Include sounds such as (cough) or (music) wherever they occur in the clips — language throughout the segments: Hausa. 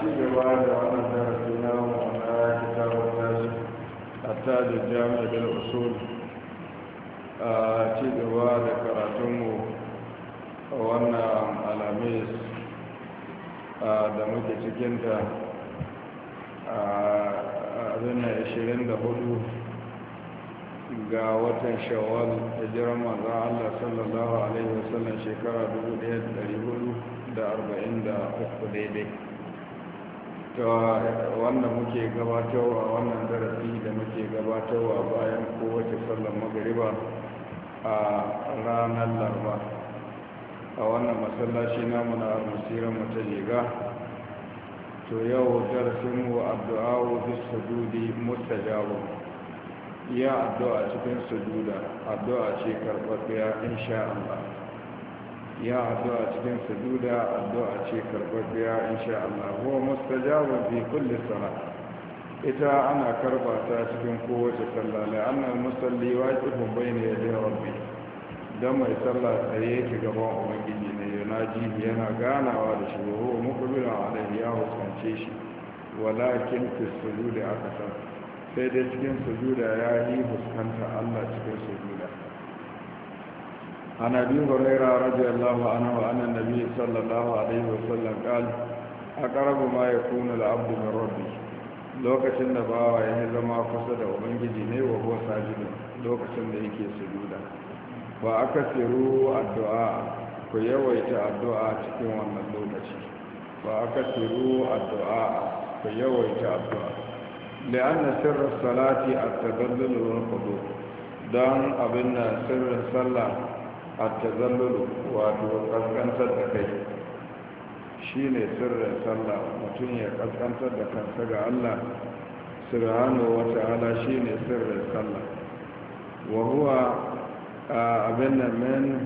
ci gaba da wannan darasi na ma'ana kitabun tashi a tajin jami'a da usul a ci gaba da karatunmu a wannan alamis da muke cikinta a abin na 24 ga watan shawwal da jiran manzan Allah sallallahu Alaihi wasallam shekara 1443 daidai wannan muke gabatarwa wannan darasi da muke gabatarwa bayan kowace sallar magariba a ranar larba a wannan masallaci namu na musirin mata liga to yau darasinmu addu'a bis musta jawo ya addu'a cikin sududa addu'a ce karɓar in sha'an ba. ya addu'a cikin sujuda addu'a ce karɓaɓɓiya insha Allah huwa mustajabu fi kulli salat ita ana karba ta cikin kowace sallah la'anna musalli ne bayna yaday rabbi dan mai sallah tsaye yake gaban ubangiji ne ji yana ganawa da shi huwa a alayhi ya hukunce shi walakin fi sujudi san sai dai cikin sujuda ya yi huskanta Allah cikin sujuda عن أبي هريرة رضي الله عنه وعن النبي صلى الله عليه وسلم قال أقرب ما يكون العبد من ربه lokacin da bawa ya zama kusa da ubangiji ne wa huwa sajidu lokacin da yake sujuda ba aka siru addu'a ku yawaita addu'a cikin wannan lokaci ba aka siru addu'a ku yawaita addu'a la'anna sirrus salati a tadallul wal qudur dan abinda sirrin sallah a tazallalu wato kaskantar da kai shine sirrin sallah mutum ya kaskantar da kansa ga allah sirhanu wa Ta'ala shine sirrin sallah wahuwa a abin da min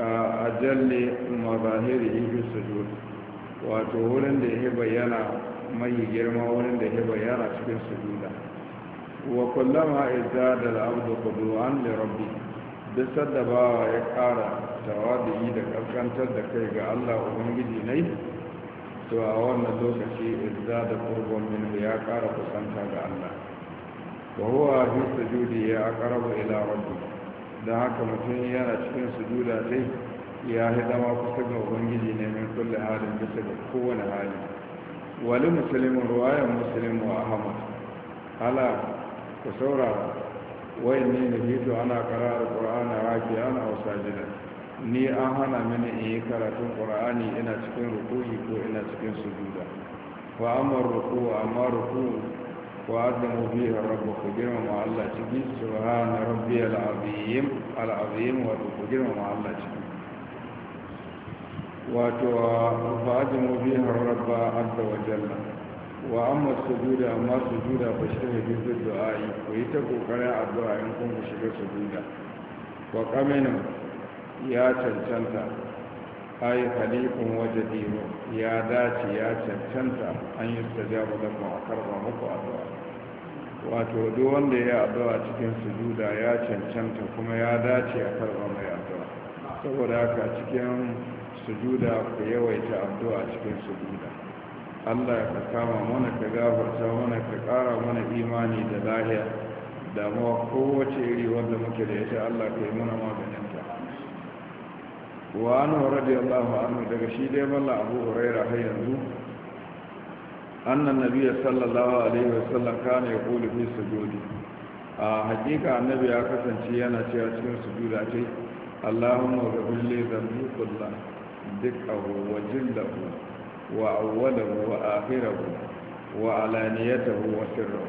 a jalle ma zahiri ihu su wato wurin da ya bayyana mai girma wurin da ya bayyana cikin su wa kullama izadar abu da kudu an da rabbi duk da bawa ya ƙara tawadi da ƙasƙantar da kai ga Allah Ubangiji ne to a wannan lokaci izza da qurbun min ya kara kusanta ga Allah wa huwa fi sujudi ya aqrabu ila rabbi da haka mutum yana cikin sujuda dai ya hidama zama kusa ga ubangiji ne min kulli halin bisa ga kowane hali wali muslimin ruwayan muslim wa ahmad ala ku saurara wayan ni na hito ana kara alƙur'ana raki ana wasa jina ni an hana mini in yi karatun ƙur'ani ina cikin rukuyi ko ina cikin sujuda fa amma ruku amma ruku wa adamu biha rabba ku girma girmama Allah ciki subhana rabbiyal azim al azim wa ku girma girmama Allah ciki wato fa adamu biha rabba azza wa jalla wa amma sujuda amma sujuda fa shi ne bin ku yi ta kokarin addu'a in kun shiga sujuda wa kamina ya cancanta ay khalifun wa ya dace ya cancanta an yi tajaba da mu a karba muku addu'a wato duk wanda ya addu'a cikin sujuda ya cancanta kuma ya dace a karba mai addu'a saboda haka cikin sujuda ku yawaita addu'a cikin sujuda allah ka kama mana ka gafarta mana ka ƙara mana imani da lahiya damuwa kowace iri wanda muke da ita allah ka yi mana maganinta wa an radiyallahu anhu daga shi dai malla abu huraira har yanzu annan nabiya sallallahu alaihi wasallam kana yaqulu fi sujudi a hakika annabi ya kasance yana cewa cikin sujuda ce allahumma ghfir li dhanbi kullah duk wa wajin وأوله وآخره وعلانيته وسره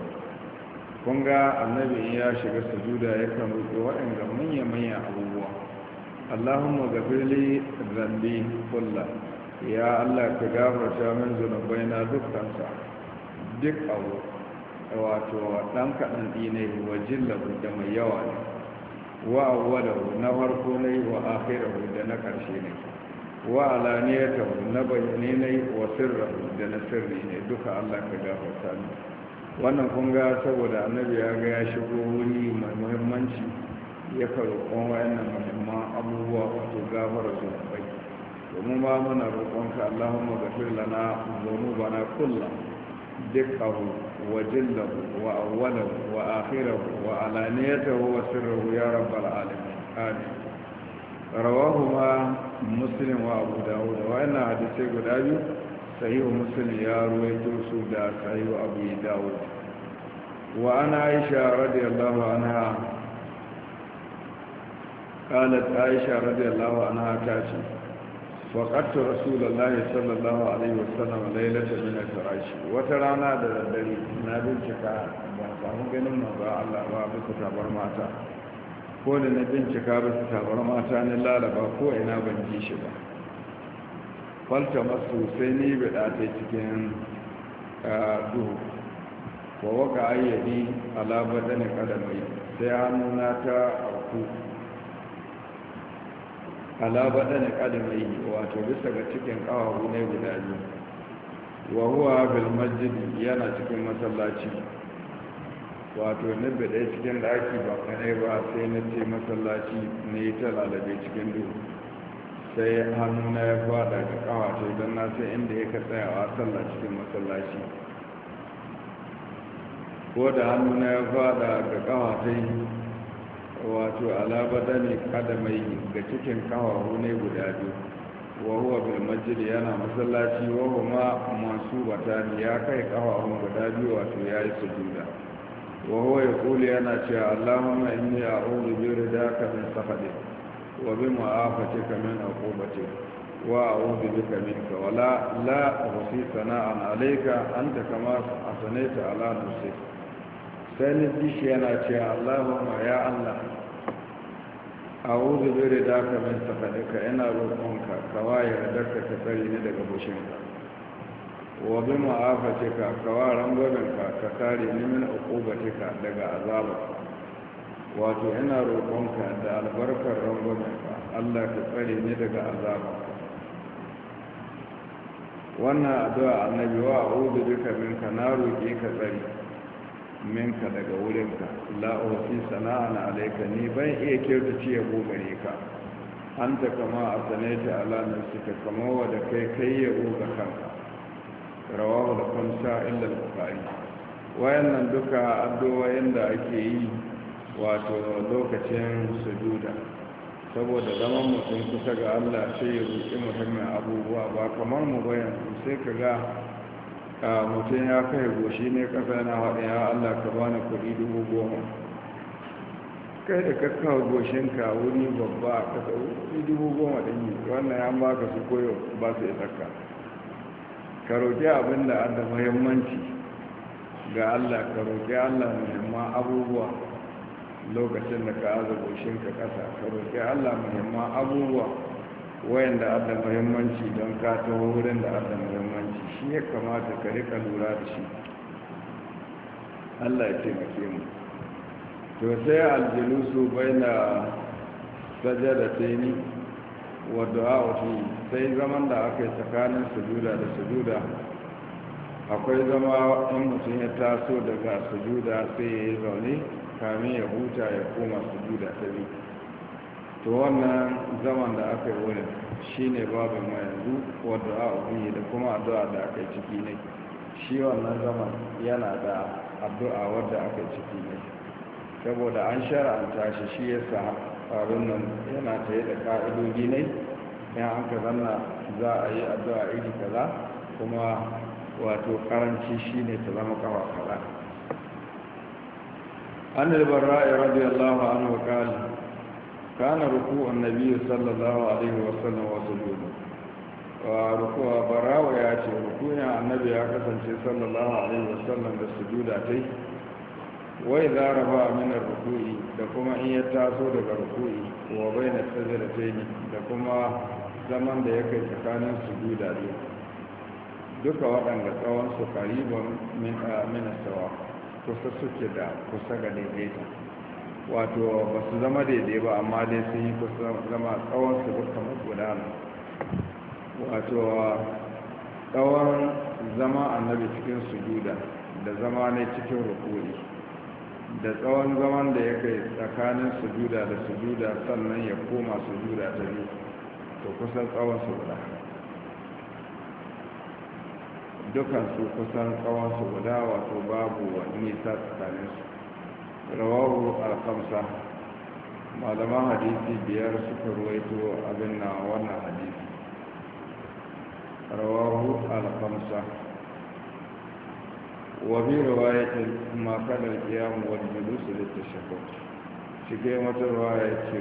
kun ga annabi ya shiga sujuda ya kan rufe waɗanda manya manya abubuwa allahumma gabirli zambi kulla ya allah ka gafarta min zunubai na dukkansa duk abu wato ɗan kaɗan ɗine wa jilla da mai yawa ne wa awwalahu na farko ne wa akhirahu da na ƙarshe ne wa alaniyata na bayyane ne wa sirra da na sirri ne duka Allah ka gafarta ni wannan kun ga saboda annabi ya ga ya shigo wuri mai muhimmanci ya karɓon wayannan muhimman abubuwa wato gafara su bai domin ba muna roƙonka Allahumma ghafir lana dhunubana kullah dukkahu wa jillahu wa awwalahu wa akhirahu wa alaniyatahu wa sirrahu ya rabbal alamin amin rawahu ma muslim wa abu dawud wa'annan hadisai guda biyu sahihu muslim ya ruwaito su da sahihu abu dawud wa ana aisha radiyallahu anha قالت عائشة رضي الله عنها تاتي وقدت رسول الله صلى الله عليه وسلم ليلة من الفراش وترانا دردري نابل شكا بان سامو جنم نبا الله وابك تبر ماتا ko da na bincika ba su tabar mata ni lalaba, ko ina ban ji shi ba falta masu sai ni da ta cikin duhu ko waka ayyadi alabada ne kadamai sai hannuna ta auku alabada ne kadamai wato bisa ga cikin kawahu ne guda biyu wa huwa bil masjid yana cikin masallaci wato na bada cikin daki ba kanai ba sai na ce masallaci ne ta lalabe cikin duhu sai hannuna ya fada ga kawace don na sai inda ya ka tsayawa sallah cikin masallaci ko da hannuna ya fada ga kawace wato alabata ne kada mai ga cikin kawahu ne guda biyu wahuwa bil masjid yana masallaci wahuwa masu bata ya kai kawahun guda biyu wato ya yi sujuda وهو يقول أنا شاء اللهم إني أعوذ برداك من سخطك وبمعافتك من عقوبتك وأعوذ بك منك ولا لا أحصي ثناء عليك أنت كما أثنيت على نفسك سند ديشي أنا شاء اللهم يا الله أعوذ برداك من سخطك إن روحك كوايا ردك تفرين لك بشنك wa bi ma'afatika ka wa rangwabenka ka kare ni min uqubatika daga azabarka wato ina roƙonka da albarkar rangwabenka Allah ka tsare ni daga azabarka wannan addu'a annabi wa a'udhu bika minka na roƙe ka tsare minka daga wurinka la uhsi sana'an alayka ni ban iya ci yabo gare ka anta kama asanaita ala nafsika kama wa da kai kai yabo ga kanka rawahu da kamsa illa bukari wayannan duka addu'o'in da ake yi wato lokacin sujuda saboda zaman mutum kusa ga allah sai ya roƙi muhimmin abubuwa ba kamar mu bayan sai ka ga mutum ya kai goshi ne kasa yana haɗe ya allah ka bani kuɗi dubu goma kai da ka goshin ka wuri babba ka dubu goma ɗin wannan ya ka su koyo ba su isa ka ka roƙi abin da an da muhimmanci ga allah ka roƙi allah muhimman abubuwa lokacin da ka azaboshin ka ƙasa ka roƙi allah muhimman abubuwa wayan da an da muhimmanci don ka taho wurin da an da muhimmanci shi ya kamata ka rika lura da shi allah ya taimake mu to sai aljilusu bai na sajada ta wadda wa'afi sai zaman da aka yi tsakanin sujuda da sujuda akwai zama in mutum ya taso daga sujuda sai ya yi zaune kamin ya huta ya koma sujuda ta biyu to wannan zaman da aka yi wurin shi ne babin ma yanzu wadda yi da kuma addu'a da aka yi ciki ne shi wannan zaman yana da addu'a wadda aka yi ciki ne saboda an shara'anta shi shi ya sa abin nan yana tare da ka'idogi ne ya an ka zanna za a yi addu'a iri kaza kuma wato karanci ne ta zama kawa kaza an ra'ayi radiyallahu an wakali kana ruku'u annabi sallallahu alaihi wasallam wasu sujudu wa ruku'a barawa ya ce ruku'in annabi ya kasance sallallahu alaihi wasallam da sujuda yi wai za raba minar ruku'i da kuma in ya taso daga ruku'i wa bai na da kuma zaman da ya kai tsakanin su guda biyu duka waɗanda tsawon su sawa to kusa suke da kusa ga daidaita wato ba su zama daidai ba amma dai sun yi kusa zama tsawon su duka magudana wato tsawon zama annabi cikin sujuda da zama ne cikin rukui da tsawon zaman da ya kai tsakanin sujuda da sujuda sannan ya koma sujuda ta biyu to kusan tsawon su guda dukansu kusan tsawon su guda wato babu nisa tsakaninsu rawahu alkamsa malaman hadisi biyar suka ruwaito abin na wannan hadisi rawahu alkamsa wabi riwayatin makalar kiyamu wani julusu da ta shafa shige wata riwaya ce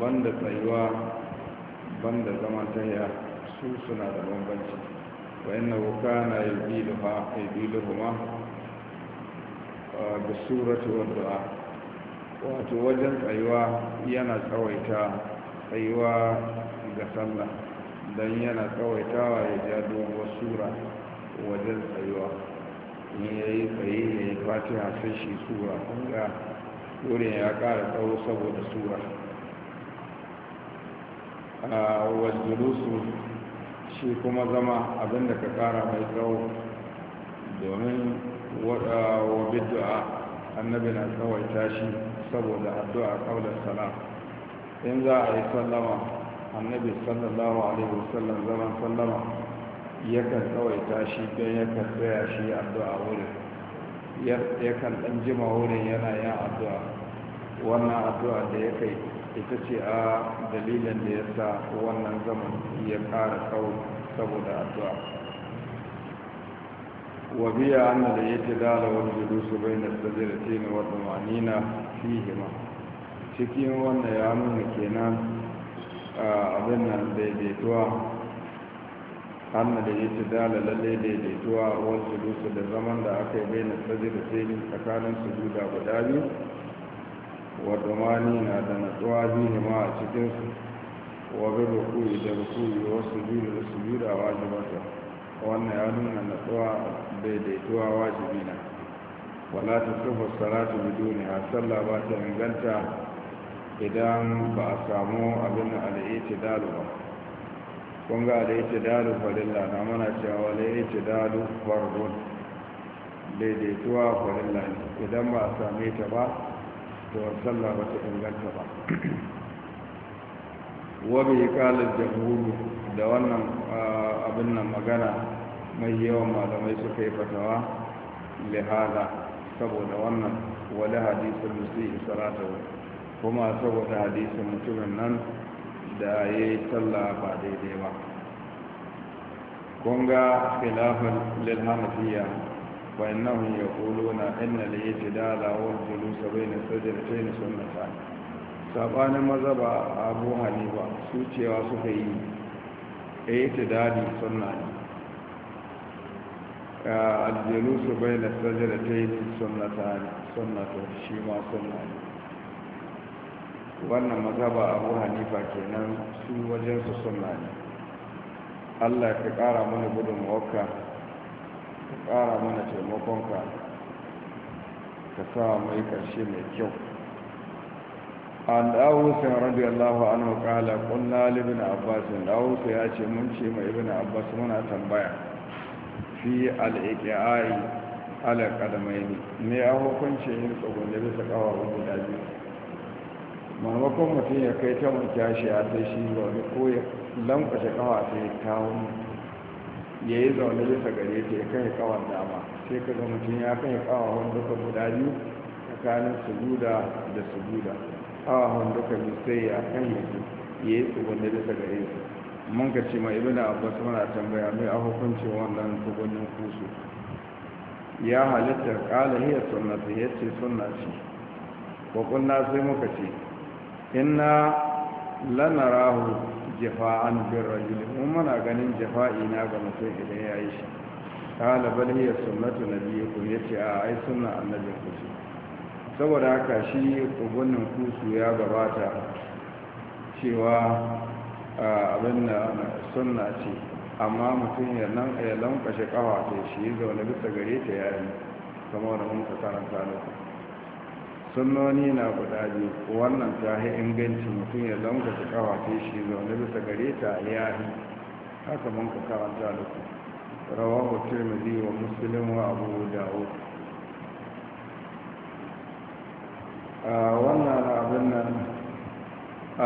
banda tsayuwa banda zaman tahiya su suna da bambanci wa inna wuka na yi yabiluhuma da suratu wadda'a wato wajen tsayuwa yana tsawaita tsayuwa ga sallah don yana tsawaitawa ya ja wasu sura wajen tsayuwa ne ya yi tsaye ya yi fatiha sai shi sura kunga dole ya ƙara tsawo saboda sura a waljulusu shi kuma zama abinda ka ƙara mai tsawo domin waɗawa bid'a annabi na tsawai tashi saboda addu'a ƙaunar sana in za a yi sallama annabi sallallahu alaihi wasallam zaman sallama yakan tsawaita shi don yakan tsaya shi addu'a wurin yakan ɗan jima wurin yana yin addu'a wannan addu'a da ya kai ita ce a dalilin da ya sa wannan zaman ya ƙara kawo saboda addu'a wabiya an da ya ce dala wani jiru su bai na sajirati na wata manina fihima cikin wannan ya nuna kenan abin nan daidaituwa anna da ya ci dala lalle daidaituwa wani dusu da zaman da aka yi bai na tsaji da tsiri tsakanin sujuda guda biyu wa dumani na da natsuwa biyu ma a cikinsu wa bi rukuri da rukuri wasu sujuda da sujuda wajibata wannan ya nuna natsuwa daidaituwa wajibi na wala ta tufa salatu bi duniya sallah ba ta inganta idan ba a samu abin dalu ba kun ga da yake dalu farilla na mana cewa da yake dalu fargun daidaituwa farilla ne idan ba a same ta ba to sallah ba ta inganta ba wabi kalar jamhuru da wannan abin nan magana mai yawan malamai suka yi fatawa lihada saboda wannan wani hadisun musu yi kuma saboda hadisun mutumin nan da ya yi sallah ba daidai ba kunga filafin lilhanafiya wa innahum yaquluna inna al-i'tidala na sojar ce ni sun sunnatan sabanin mazhaba abu hanifa su cewa suka yi dadi, A a sunna bai al-julus bayna sajdatayn sunnatan sunnatu shi ma sunna ni. wannan mazaba abu hanifa kenan su wajen su suna ne allah ka kara mana gudun mawaka ka kara mana taimakonka ka sa mai karshe mai kyau an dawusin radiyallahu anhu kala kunna libin abbasin dawusa ya ce mun ce mai ibn abbas muna tambaya fi al'iƙi'ai ala ƙadamai ne ne a ce yin tsogon da bisa ƙawa guda biyu maimakon mutum ya kai ta manta shi a sai shi zaune ko ya lankwace kawa ta yi kawun ya yi zaune bisa gare ta ya kai kawan dama sai ka ga mutum ya kai kawawan duka guda biyu tsakanin sujuda da sujuda kawawan duka biyu sai ya ya yanzu ya yi tsugunne bisa gare su mun ka ce mai ibina abbas muna tambaya mai a hukuncin wannan tsugunnin kusu ya halittar kala hiyar sunna ya ce sunna ce kunna sai muka ce inna lanarahu jifa'an bin rajuli mun muna ganin jafa'i na ga mutum idan ya yi shi kala bal hiya sunnatu nabiyikum yace a ai sunna annabin ku ce saboda haka shi kubunin kusu ya gabata cewa abin sunna ce amma mutum ya nan ya lankwashe kawa ta shi zaune bisa gare ta yayi kamar da mun karanta lokacin sunnoni na guda biyu wannan ta yi inganci mutum ya zama ta shi zaune bisa gare ta ya yi haka mun ka karanta da ku hotel tirmidhi wa musulun wa abu A wannan abin nan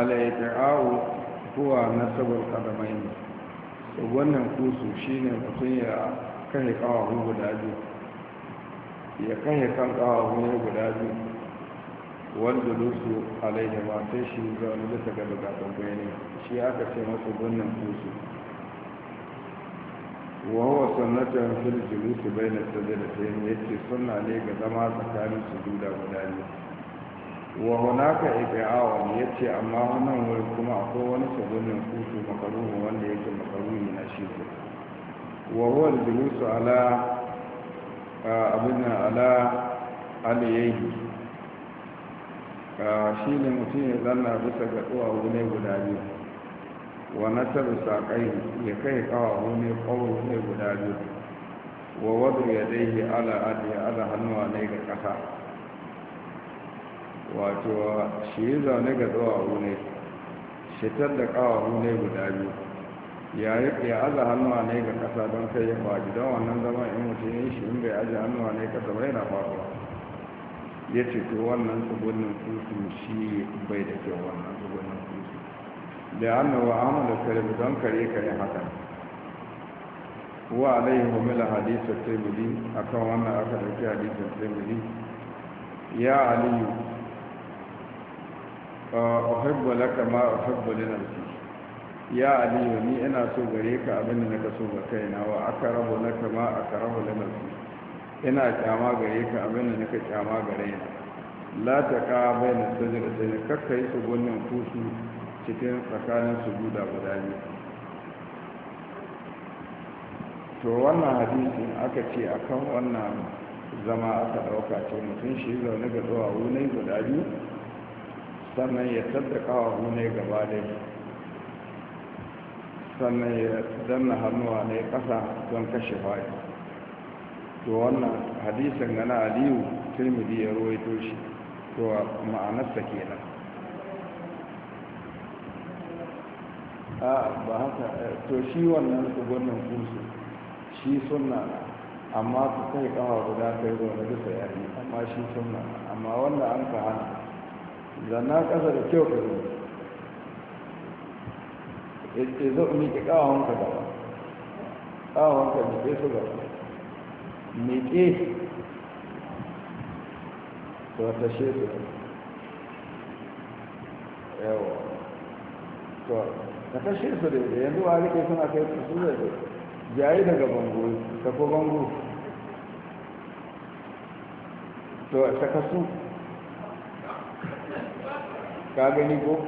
na sabon kadamai ne qadamain wannan kusu ne mutum ya kai kawo guda biyu ya yi kan kawahu guda biyu wanda lusu alaihi ma sai shi zaune bisa ga bukatun bayani shi aka ce masa gunnan kusu wa huwa sunnatan fil julus bayna sajdatayn yace sunna ne ga zama tsakanin sujuda guda ne wa awa, iqa'un yace amma wannan wuri kuma akwai wani sabonin kusu makaruhu wanda yake makaruhu na shi wa huwa julus ala abinna ala alayhi shi ne mutum ya zanna bisa ga duwawu ne guda biyu wa nasaru saƙai ya kai kawawu ne kawo ne guda biyu wa wadu ya daihi ala adi ala hannuwa ne ga ƙasa wato shi yi zaune ga duwawu ne shitar da kawawu ne guda biyu ya aza hannuwa ne ga ƙasa don kai ya faɗi don wannan zama in mutum ya yi shi in bai aji hannuwa ne ƙasa bai na faɗuwa ya ce to wannan tsugunin kusu shi bai da kyau wannan tsugunin kusu da hannu wa da karbi don kare kare haka wa alaihi homila hadisa taimuli a kan wannan aka ɗauki hadisa taimuli ya aliyu A uhibbu kama a uhibbu na su. ya aliyu ni ina so gare ka abin da naka so ga kaina wa aka rabu na kama a karabu na su? ina kyama gare ka abinda nika kyama gare ni la ta ka bai na sajira ta ne kakka yi su gwanin kusu cikin tsakanin su guda guda ne to wannan hadisi aka ce akan wannan zama aka ɗauka ce mutum shi zaune ga zuwa wune guda biyu sannan ya saddaka wa wune gaba da sannan ya danna hannuwa ne kasa don kashe fari to wannan hadisin gana aliyu tirmidhi ya ruwaito shi to ma'anarsa kenan a ba haka eh, to shi wannan tsugunan kusu shi sunna amma su kai kawo guda kai zaune bisa yari amma shi sunna amma wanda an ka hana zanna kasa da kyau ka zuwa ya zo miƙe kawo ka gaba ƙawon ka ke su gaba miƙe to ta shefe yawa to ka tashe su da yanzu a rike suna kai su su da jayi daga bango ta ko bango to ta kasu ka gani ko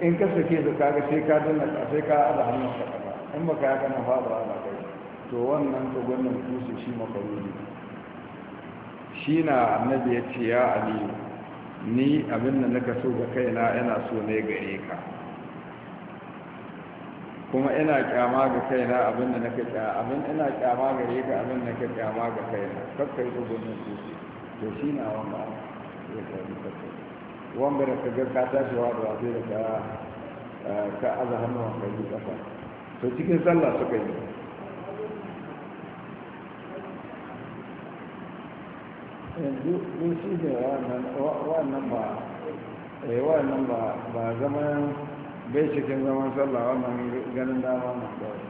in ka sake su kaga sai ka danna sai ka ala hannun ka kama, in baka ya kana faɗa ba kai to wannan gwanin kusa shi makaruni shi na annabi ya ce ya aliyu ni abin da naka so ga kaina yana so ne gare ka kuma ina kyama ga kaina abin da ka kyama abin ina kyama gare ka abin na ka kyama ga kaina yi gwanin kusu to shi na wanda ya karbi kakkai wanda da ka ga ka wa da wasu da ka eh, ka aza hannuwan kai kasa to cikin sallah suka yi yanzu mun shi ne wannan ba eh, wannan ba ba zaman bai cikin zaman sallah wannan ganin dama na kawai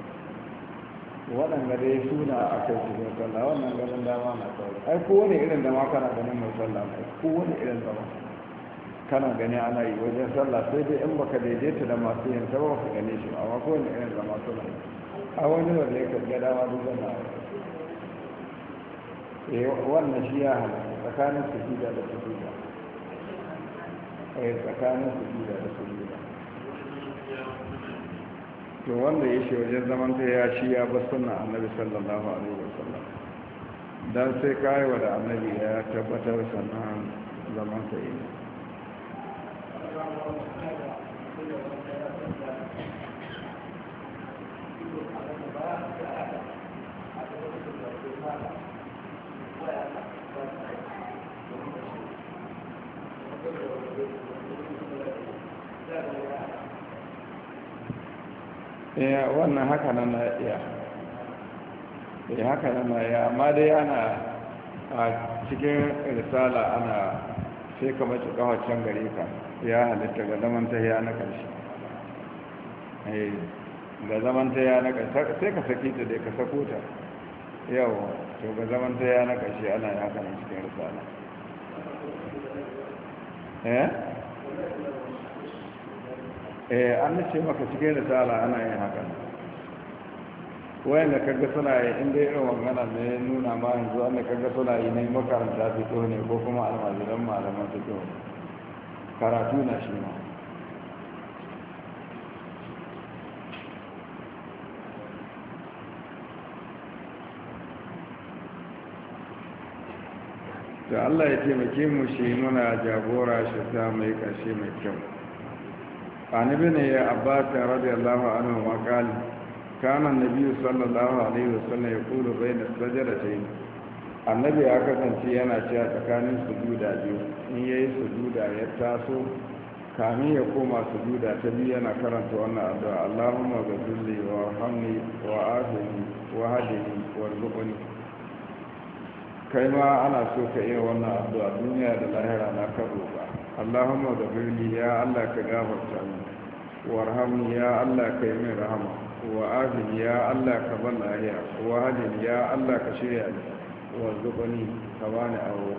waɗanda dai suna a kai cikin sallah wannan ganin dama na kawai ai ko wani irin dama kana ganin mai sallah ko wani irin dama kana gani ana yi wajen sallah sai dai in baka daidaita da masu yin ta ba ka gane shi amma wani irin dama suna a wani wanda ya kaga dama duk zama Eh, wannan shi ya halatta tsakanin sujuda da sujuda eh, tsakanin sujuda da sujuda to wanda ya shi wajen zaman ta ya shi ya bar sunna annabi sallallahu alaihi wasallam dan sai kai wa da annabi ya tabbatar sannan zaman ta yi ya eh, wannan haka nan na iya ya eh, haka nan na iya amma dai ana a cikin risala ana sai ka mace kawacin gare ka ya halitta ga zaman ta ya na karshe. Eh, ga zaman ta ya na karshe, sai ka saki ta dai ka sako ta yau to ga zaman ta ya na karshe ana ya haka nan cikin risala eh Eh an nace maka da tala ana yin haka wayan da kaga suna yi inda irin wangana ne nuna ma yanzu wanda kaga suna yi na makaranta fito ne ko kuma almajiran malaman fito karatu na shi ma da Allah ya taimake mu shi muna jagora shi ta mai kashe mai kyau عن ابن عباس رضي الله عنهما قال كان النبي صلى الله عليه وسلم يقول بين السجرتين annabi ya kasance yana cewa tsakanin sujuda biyu in yayi sujuda ya taso kamin ya koma sujuda ta biyu yana karanta wannan addu'a Allahumma ghfirli wa hamni wa afini wa hadini kai ma ana so ka iya wannan addu'a duniya da lahira na ka roƙa Allahumma gabirni ya Allah ka gafarta min warhamni ya Allah ka yi min rahama wa ya Allah ka lahiya wa ya Allah ka shirya ni wa zubani ka bani awo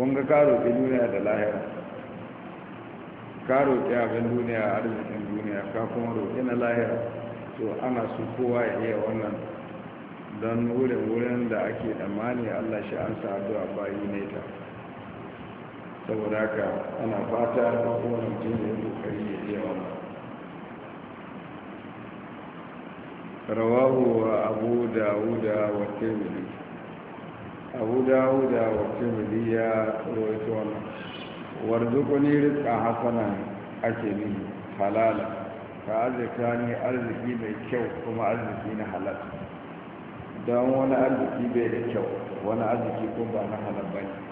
kun ka roƙi duniya da lahira ka roƙi abin duniya arzikin duniya ka kuma roƙi na lahira to ana su kowa ya iya wannan don wurin wurin da ake tsammani Allah shi an sa addu'a bayi ne ta saboda ka ana fata da kowane mutum da ya kokari ya iya wani rawahu wa abu dawuda wa temili abu dawuda wa temili ya rawaito wannan warzuquni rikon hasanan ake ni halala ka arzika ni arziki mai kyau kuma arziki na halal don wani arziki bai da kyau wani arziki kuma ba na halal bane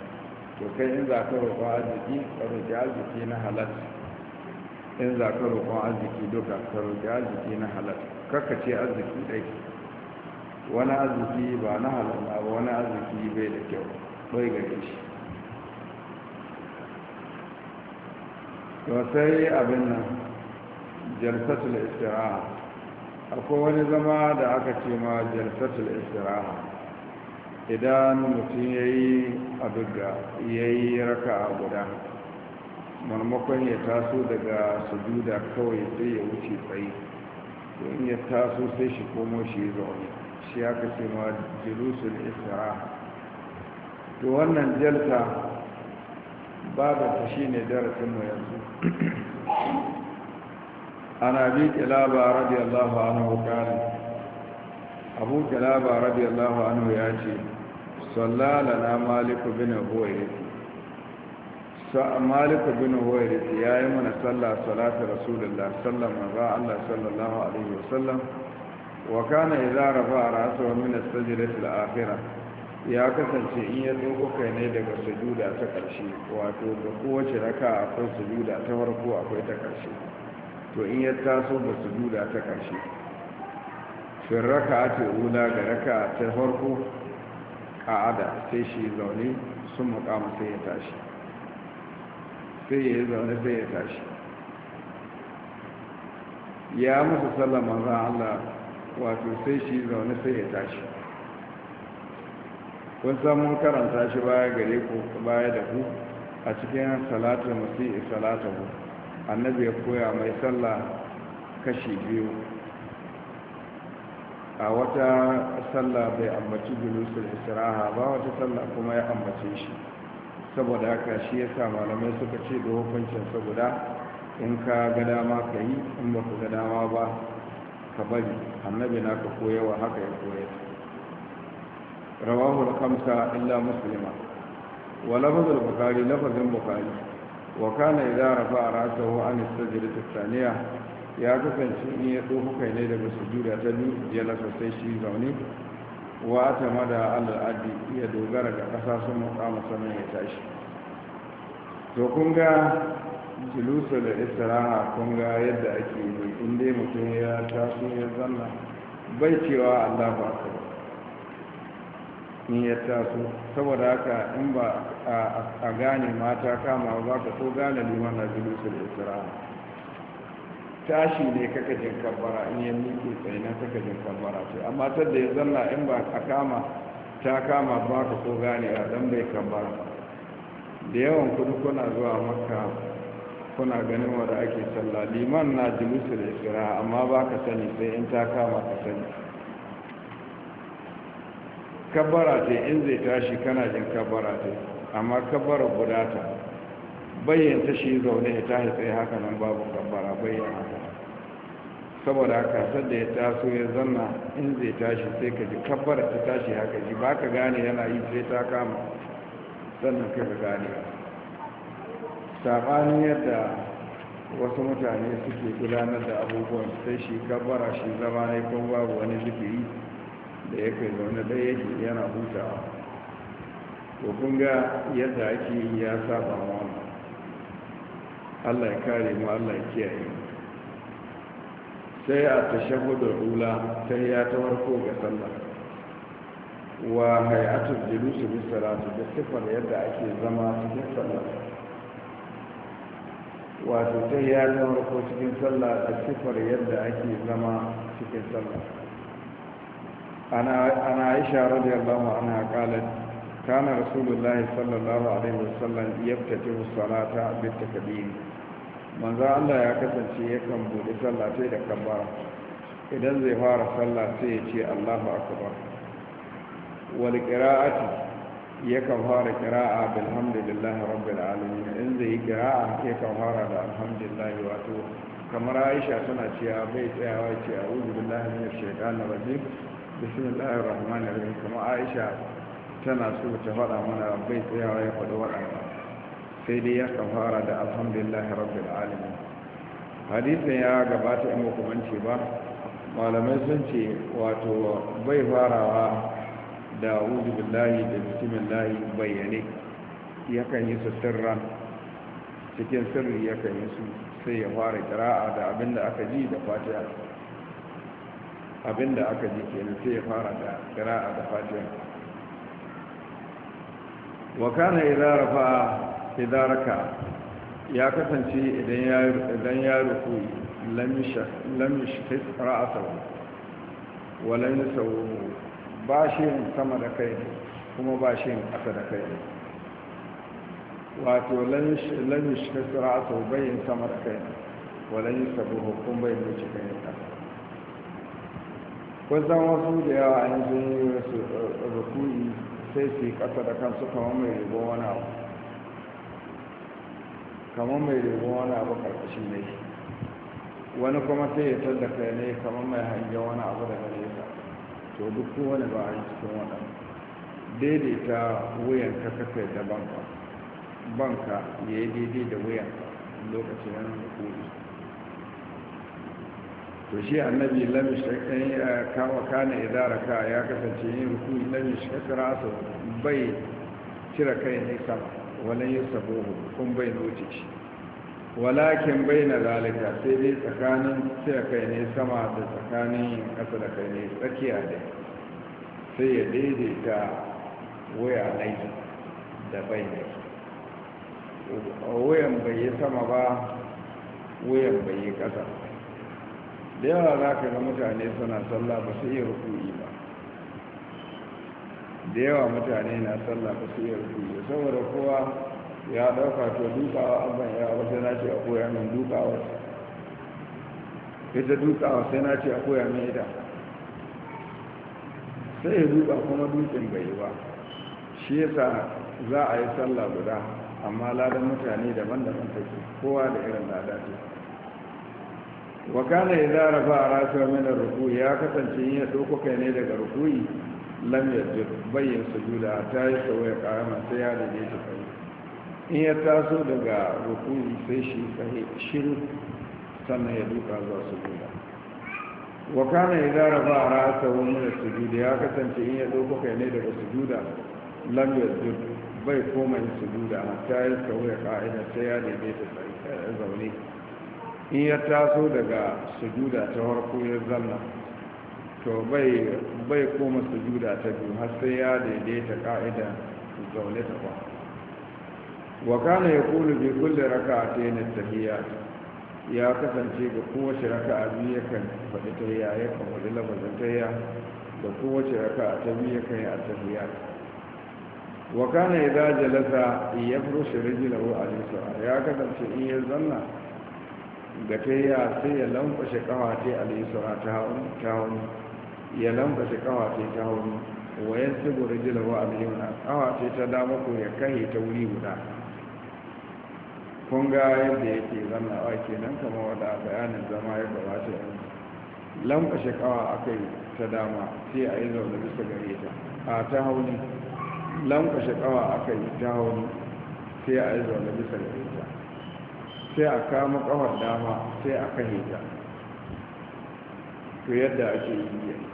to kai in za ka roƙon arziki ka roƙi arziki na halal in za ka roƙon arziki duka ka roƙi arziki na halal kakka ce arziki ɗai wani arziki ba na halal ba wani arziki bai da kyau bai gare shi to sai abin nan jalsatul istiraha akwai wani zama da aka ce ma jalsatul istiraha idan mutum ya yi abuga ya yi raka a guda marmakon ya taso daga sujuda kawai sai ya wuce tsaye in ya taso sai shi komo shi zaune shi ya kashe ma jilusul isra to wannan jalta ta shi ne darasinmu yanzu (clears throat) ana bi kilaba radiyallahu anhu kana abu kilaba radiyallahu anhu ya ce صلى لنا مالك بن huwairisi maliku bin huwairisi ya yi mana sallah salatu rasulullah sallam maza allah sallallahu alaihi wa kana idza rafa ra'sahu min as-sajdati ya kasance in ya tsoko ne daga sujuda ta ƙarshe, wato da kowace raka akwai sujuda ta farko akwai ta ƙarshe, to in ya taso da sujuda ta ƙarshe. fin raka ula ga raka ta farko ka'ada sai shi zaune sun makama sai ya tashi sai ya zaune sai ya tashi ya musu sallama za Allah wato sai shi zaune sai ya tashi kun mun karanta shi baya gare ku baya da ku a cikin salatu musu salatahu annabi ya koya mai sallah kashi biyu a wata sallah bai ambaci julusul Israha, ba wata sallah kuma ya ambace shi saboda haka shi ya sa malamai suka ce da hukuncin saboda in ka ga dama ka yi in ba ku ga dama ba ka bari annabi na ka koyawa haka ya koya rawahu al-khamsa illa muslima wa lafazul bukhari lafazin bukhari wa kana idza rafa'a ra'sahu an as thaniya ya kasance in ya ɗauka kai ne daga juda ta biyu ya lasa sai shi zaune wa ta mada al'adi ya dogara ga ƙasa sun muƙama musamman ya tashi to kun ga jilusa da istiraha kun ga yadda ake yi inda dai mutum ya taso ya zanna bai cewa Allah akbar in ya taso saboda haka in ba a gane mata kama ba ka so gane liman na jilusa da istiraha tashi ne kaka jin kabbara in ya miƙe tsaye na kaka jin kabbara ce amma ta da ya zanna in ba a kama ta kama ba ka ko gane a dan bai kabbara da yawan kudu kuna zuwa maka kuna ganin wanda ake sallah liman na da isra amma ba ka sani sai in ta kama ka sani kabbara ce in zai tashi kana jin kabbara ce amma kabbara guda ta bayyanta shi zaune ya tashi tsaye haka nan babu kabbara bayyana haka saboda haka da ya taso ya zanna in zai tashi sai ka ji kabbar ta tashi haka ji ba ka gane yana yi sai ta kama sannan kai ka gane saɓanin yadda wasu mutane suke gudanar da abubuwan sai shi kabbara shi zama ne kuma babu wani zikiri da ya kai zaune da yake yana hutawa to kun ga yadda ake ya saba wa Allah ya kare mu Allah ya kiyaye mu sai a tashahudul ula ta ya ta warko ga sallah wa hay'atul julusi bis salati da siffar yadda ake zama cikin sallah wato ta ya ta warko cikin sallah da siffar yadda ake zama cikin sallah ana ana Aisha radiyallahu anha qalat kana rasulullahi sallallahu alaihi wasallam yaftatihu salata bit takbir manzan Allah ya kasance yakan buɗe sallah sai da kabara, idan zai fara sallah sai ya ce Allahu akbar wal qira'ati yakan fara qira'a bilhamdillahi rabbil alamin in zai qira'a yakan fara da alhamdulillah wato kamar Aisha tana cewa bai tsayawa ce a'udhu billahi minash shaitanir rajim bismillahir rahmanir rahim kamar Aisha tana so ta faɗa mana bai tsayawa ya faɗi waɗanda sai dai ya fara da alhamdulillahi rabbil alamin hadisin ya gabata in mance ba malamai sun ce wato bai farawa da wuzu billahi da bismillahi bayyane yakan yi su sirra cikin sirri yakan yi su sai ya fara kira'a da abinda aka ji da fatiha abinda aka ji kenan sai ya fara da kira'a da fatiha wa kana idza rafa'a idan ya kasance idan ya ruku lamish kai ra'asau walai sau ba shi yin sama da kai kuma ba shi yin ƙasa da kai wato lamish ta ra'asau bayin sama da kai walai sau hukun bayin wuce kai ƙasa kusan wasu da yawa an yi rukuni sai su yi ƙasa da kansu kamar mai rigon wani abu kamar mai rubon wani abu da ne wani kuma sai ya tar da kai ne kamar mai hangen wani abu da nesa to duk wani ba a yi cikin waɗanda daidaita wuyan ka kafa da banka banka ya yi daidai da wuyan lokacin da rukuri to shi annabi lamish shakkan ya eh, kane ya idara ka ya kasance yin rukuni lamish shakkan su bai cire kai ne sama walan yi sabohu kun bai noce shi walakin bai na zalika sai dai tsakanin sai kai ne sama da tsakanin yin ƙasa da kai ne tsakiya da sai ya daidaita waya nai da bai nai wayan bai yi sama ba wayan bai yi ƙasa da yawa za ka ga mutane suna sallah ba su iya rukuni da yawa mutane na sallah ba su iya rukuyi saboda kowa ya dauka to dukawa abin ya wata na ce a koya min dukawa ita dukawa sai na ce a koya min ita sai ya duka kuma dukin bai yi ba shi yasa za a yi sallah guda amma ladan mutane daban-daban take kowa da irin lada ce wa kana idza rafa ra'sahu min ar-ruku' ya kasance yin ya ne daga rukuyi lam yajid bayyan sujuda ta yi sauya karama sai ya ta tsaye in ya taso daga rukuni sai shi tsaye shiru sannan ya duka zuwa sujuda wa kana idza a ra'sahu wani sujuda ya kasance in ya dauko kai ne daga sujuda lam yajid bai koma yin sujuda ta yi sauya ka'ida ta ya ne ta zaune in ya taso daga sujuda ta farko ya zalla. to bai koma su juda ta biyu har sai ya daidaita ka'ida zaune ta ba wa kana ya kulu bi kulli raka'atayn at-tahiyyat ya kasance ga kowace raka'a biyu yakan faɗi tahiyya ya wani faɗi ta tahiyya da kowace raka'a ta biyu yakan yi at-tahiyyat wa kana idza jalasa yafrushu rijlahu alayhi ya kasance in ya zanna ga tahiyya sai ya lamfashe kawace ta alayhi ta hauni ya shi kawa ce ta hauni wa yan da rijila wa alyumna kawa ce ta dama ko ya kai ta wuri guda kun ga yadda yake ke kenan kamar wada bayanin zama ya gabata yanzu lambashe kawa kai ta dama sai a yi zaune bisa gare ta a ta hauni shi kawa aka yi ta hauni sai a yi zaune bisa gare ta sai a kama kawar dama sai a kahe ta to yadda ake yi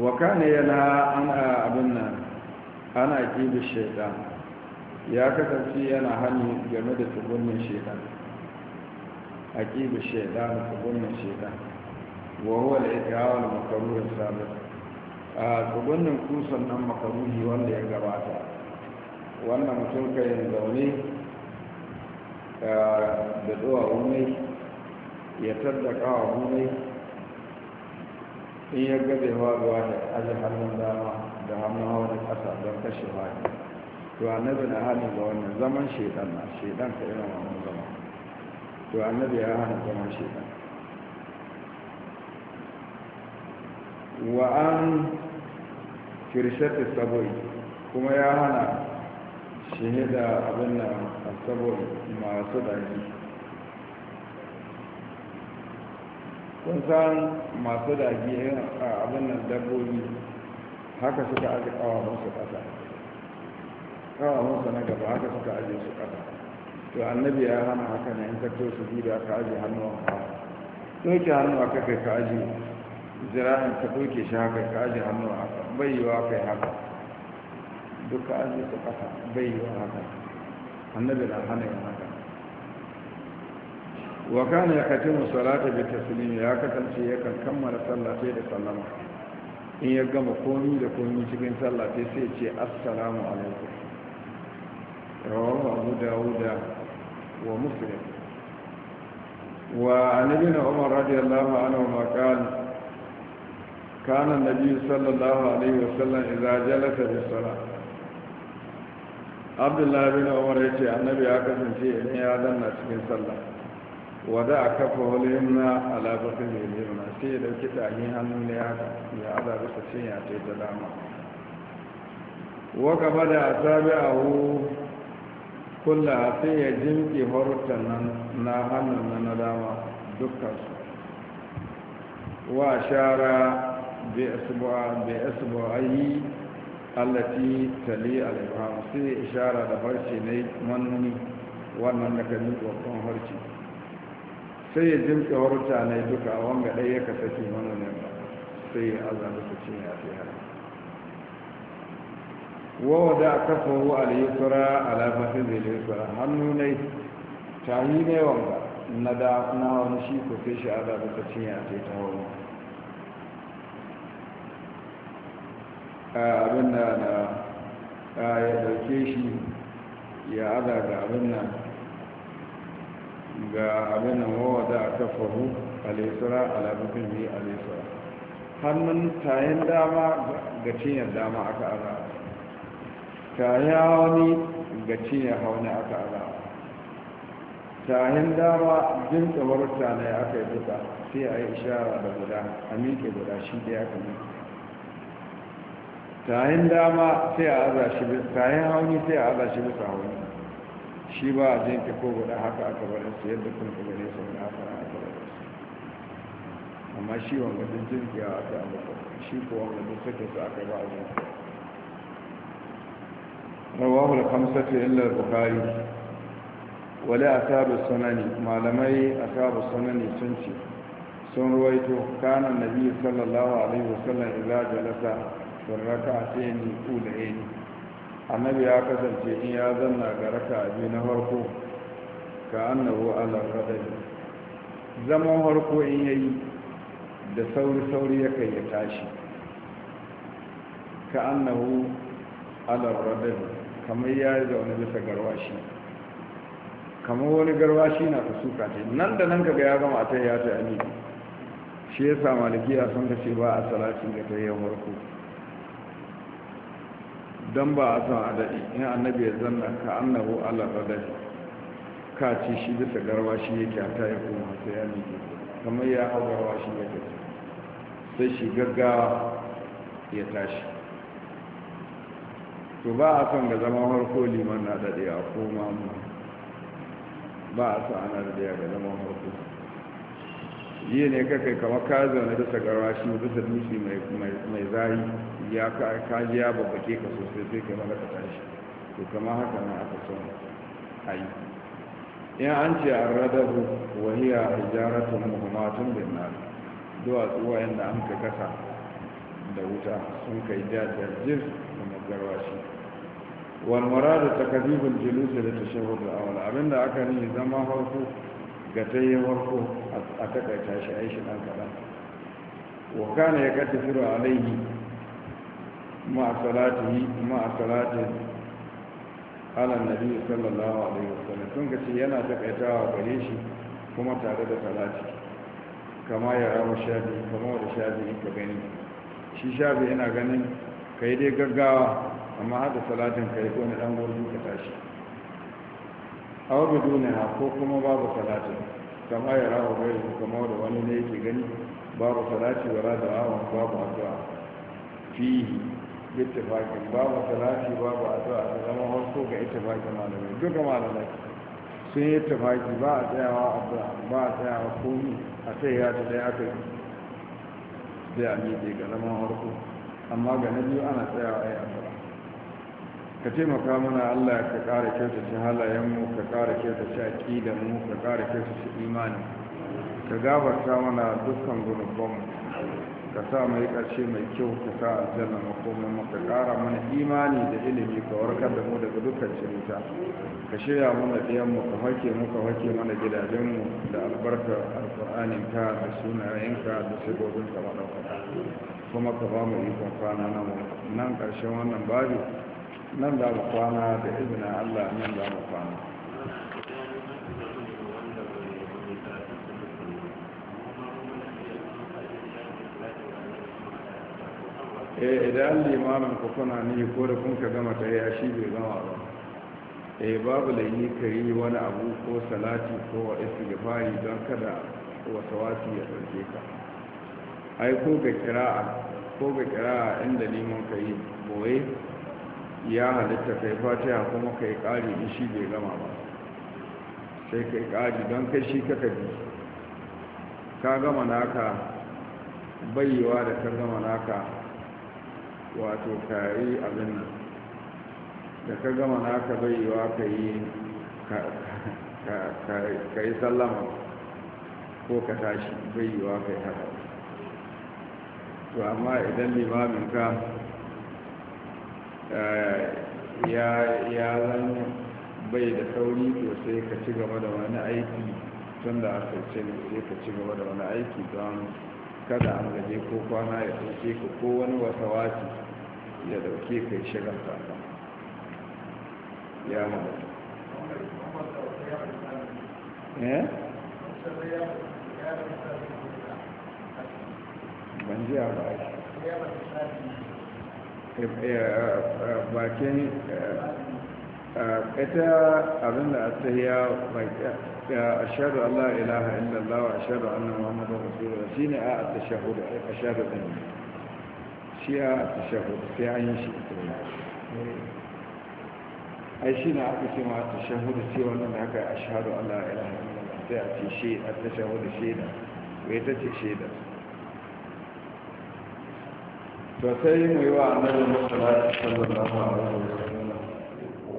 wa kane yana ana abin nan ana kibi shaitan ya kasance yana hannu game da tubunin shaitan a kibi shaitan tubunin shaitan wa huwa da ita da makarurin sabis a tubunin kusan nan makaruri wanda ya gabata wannan mutum kayan zaune eh, da duwa wunai ya tattaka wa wunai in ya gabe ruwa da aji hannun dama da hannun hawa da ƙasa don kashe fari to annabi na hannun ga wannan zaman shaidan na shaidan ka irin wannan zama to annabi ya hana zaman shaidan wa an kirshata saboyi kuma ya hana shahida abin nan saboyi masu daji kun san masu daji a abin nan dabbobi haka suka aji kawawansu ƙasa kawawansu na gaba haka suka aji su kasa. to annabi ya hana haka na yin kato su da ka aji a ka ɗauke hannu a kai ka aji zira'in ka ɗauke shi haka ka aji a haka bai yiwa kai haka duka aji su kasa bai yiwa haka annabi na hana yin haka wa kana ya kace mu salata bi taslimi ya kasance yakan kammala sallah sai da sallama in ya gama komi da komi cikin sallah sai sai ce assalamu alaikum rawahu abu dawuda wa muslim wa annabi na umar radiyallahu anhu ma qala kana annabi sallallahu alaihi wa sallam idza jalasa bi salat abdullahi bin umar yace annabi ya kasance in ya danna cikin sallah wadda a kafa wani yamna alabatun yamna sai ya dauki tsakin hannu ne haka ya aza bisa cinya ta ta dama waka bada a sabi a hu kulla sai ya jinki horutan nan na hannun nan na dama dukkan su wa shara bai asubuwa yi allati tali al-ibham sai ishara da farce ne manuni wannan da kan yi harci sai ya jin tsawar mutane duka wanga ɗaya ya kasa ke ne ba sai ya azaba su ce ya fi hana wawa da kafa wu al-yusra ala fasil al-yusra hannu ne tahi ne wanga na da na wani shi ko sai shi azaba su ce ya fi ta wani abin da na ya dauke shi ya azaga abin nan ga abin da wawa da aka faru alaisura alabukin yi alaisura hannun tayin dama ga cinyar dama aka ara taya wani ga cinyar hauni aka ara tayin dama jin tsawarta ne aka yi duka sai a yi ishara da guda a miƙe guda shi da ya kamar tayin dama sai a aza shi bisa hauni sai a aza shi bisa hauni shi ba a jinki ko guda haka a kabarinsu yadda kun kabare su wani haka a kabarinsu amma shi wanda jin jinki a aka yi muku shi ko wanda duk suke su aka ba a jinki rawahu al-khamsatu illa al-bukhari wala asabu Sanani, malamai asabu Sanani sun ce sun ruwaito kana nabi sallallahu alaihi wasallam idza jalasa fi raka'atayn ulayn annabi ya kasance in ya zanna ga raka biyu na farko ka annabu alar radari zaman farko in ya yi da sauri-sauri ya kai ya tashi ka annabu alar radari kamar ya yi zaune bisa garwashi kamar wani garwashi na ta suka ce nan da nan ka ga ya gama a ta yi ya ta yi shi ya sa malikiya sun ka ce ba a salatin da ta yi farko don ba a san a daɗi in annabi ya zanna ka annahu ala radadi ka ci shi bisa garwa shi yake a ta ya kuma sai ya nufi kamar ya hau garwa shi yake sai shi gaggawa ya tashi to ba a san ga zama harko liman na dade a koma mu ba a san ana daɗe ga zama harko yi ne kakai kamar ka zaune bisa garwa shi bisa dutse mai zai ya kaji ya babbake ka sosai sai ka maka tashi to kama haka na aka son a yi in an ce an radahu wahiya a jaratun muhammatun bin nan duwatsu wayanda an ka kasa da wuta sun kai jajar jir da magarwashi wal ta takazibul julus da tashahhud al-awwal abinda aka ni zama harko ga yi harko a takaita shi aishi kaɗan. Wakana wa kana yakathiru alaihi ma'asalatihi salatihi ma'a ala nabi sallallahu alaihi wasallam sun ga yana takaitawa gare shi kuma tare da salati kama ya rama shafi kama da shafi ka gani shi shafi yana ganin ka yi dai gaggawa amma hada salatin ka yi ko na dan gurbi ka tashi a wabi duniya ko kuma babu salatin kama ya rama gari kama da wani ne yake gani babu salati wa rada awon babu addu'a fihi ittifaqin babu salati babu addu'a a zama harko ga ittifaqin malamai duka malamai sun yi ittifaqi ba a tsayawa addu'a ba a tsayawa komi a sai ya ta ya aka da a miƙe ga zama harko amma ga na biyu ana tsayawa ai addu'a ka taimaka mana Allah ka ƙara halayen halayenmu ka ƙara kyautace aƙidanmu ka ƙara shi imanin ka gabata mana dukkan gunubanmu ka sa mai karshe mai kyau ka sa aljanna makomin maka kara mana imani da ilimi ka warkar da mu daga dukkan cinta ka shirya mana mu ka hake mu ka hake mana gidajenmu da albarka alƙur'aninka da sunayenka da sigobinka maɗaukaka kuma ka ba mu ikon kwana na mu nan karshen wannan babi nan da mu kwana da izinin allah nan da mu kwana Eh, idan limamin ku kuna ni ko da kun ka gama ta ya shi bai gama ba eh babu ka kai wani abu ko salati ko wa istighfari don kada wasawasi ya dauke ka ai ko ga kira'a ko ga kira'a inda liman kai boye ya halitta kai fatiha kuma kai kari in shi bai gama ba sai kai kari don kai shi ka bi ka gama naka bayyawa da ka gama naka wato kayi abin nan da ka gama naka baiwa ka yi ka yi sallama ko ka tashi baiwa ka yi haka to amma idan limaminka eh, ya zan bai da sauri to sai ka ci gaba da wani aiki tun da aka ce sai ka ci gaba da wani aiki don kada an gaje ko kwana ya ɗauke ka ko wani wata wati ya ɗauke ka yi shigar tafa ya mada eh? ban ji a baki eh, eh, bakin ita abin da attahiya mai ashadu Allah ilaha illallah wa ashadu annan muhammadu rasulullah shi ne a attashahud ashadu din shi a attashahud sai an yi shi ai shi na aka ce ma attashahud ce wannan da haka ashadu Allah ilaha illallah sai a ce shi attashahud shaida wai ta ce shaida to sai mu yi wa annabi sallallahu alaihi wasallam